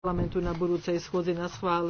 parlamentu na budúcej schôdzi na schválenie.